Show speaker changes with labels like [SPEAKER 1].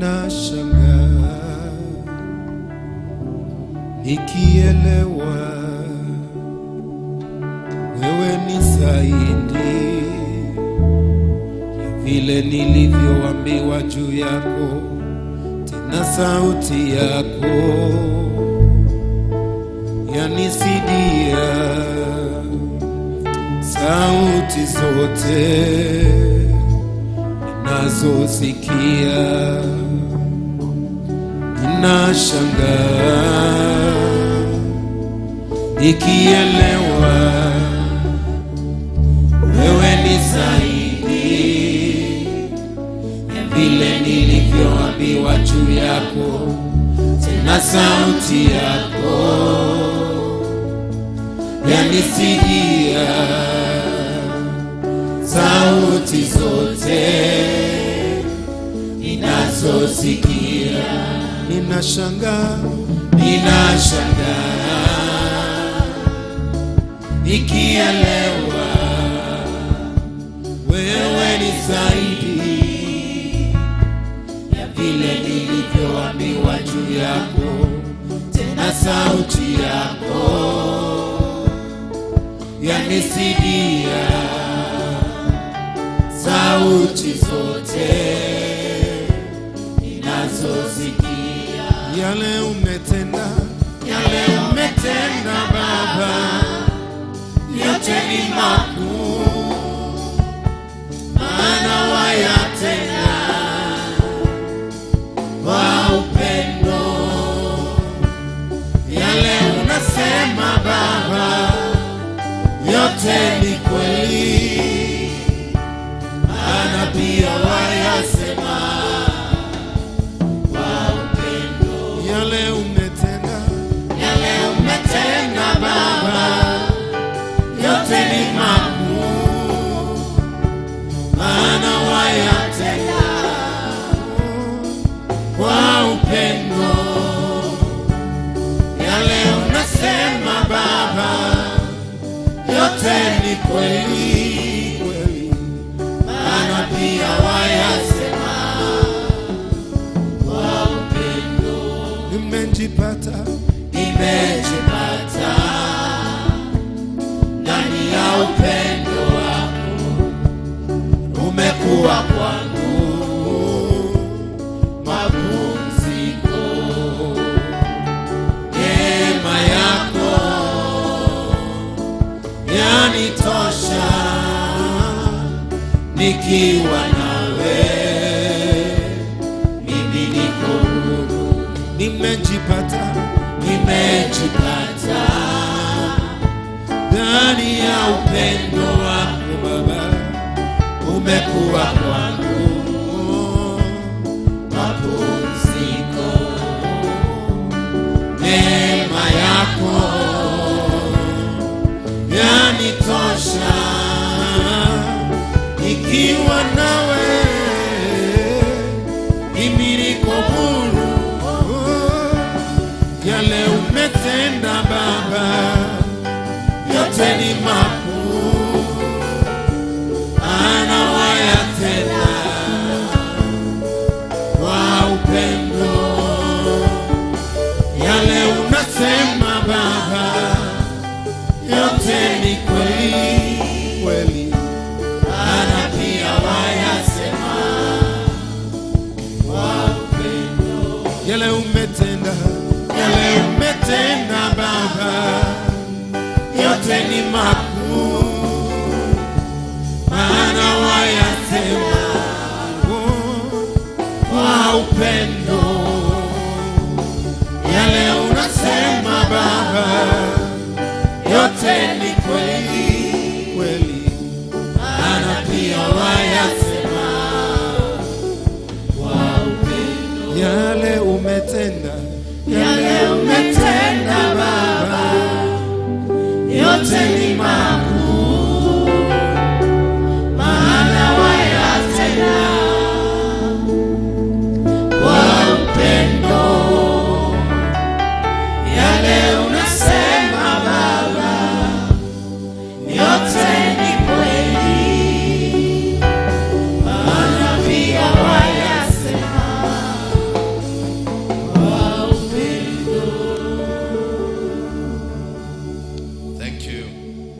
[SPEAKER 1] nashangaa nikielewa wewe ni zaidi ya vile nilivyoambiwa juu yako, tena sauti yako yanisidia sauti zote ninazosikia shanga ikielewa wewe ni zaidi ya vile nilivyoambiwa juu yako, tena sauti yako yanisikia sauti zote inazosikia
[SPEAKER 2] Ninashangaa,
[SPEAKER 1] ninashangaa nikielewa wewe ni zaidi ya vile nilivyoambiwa juu yako, tena sauti yako yanisidia sauti zote
[SPEAKER 2] yale umetenda,
[SPEAKER 1] yale umetenda Baba, yote ni mapya yote ni kweli maana pia wayasema kwa upendo.
[SPEAKER 2] Nimejipata,
[SPEAKER 1] nimejipata ndani ya upendo yanitosha nikiwa nawe, mimi niko huru,
[SPEAKER 2] nimejipata,
[SPEAKER 1] nimejipata ndani ya upendo wako Baba, umekuwa kwangu mapumziko, neema yako yanitosha ikiwa nawe imiliko mulu yale umetenda Baba, yote ni mapema yote ni kweli kweli, maana pia wayasema kwa upendo.
[SPEAKER 2] Yale umetenda,
[SPEAKER 1] yale umetenda Baba, yote ni makuu, maana wayasema kwa upendo. Yale unasema Baba teli kweli kweli, maana pia wayasema kwa upendo
[SPEAKER 2] yale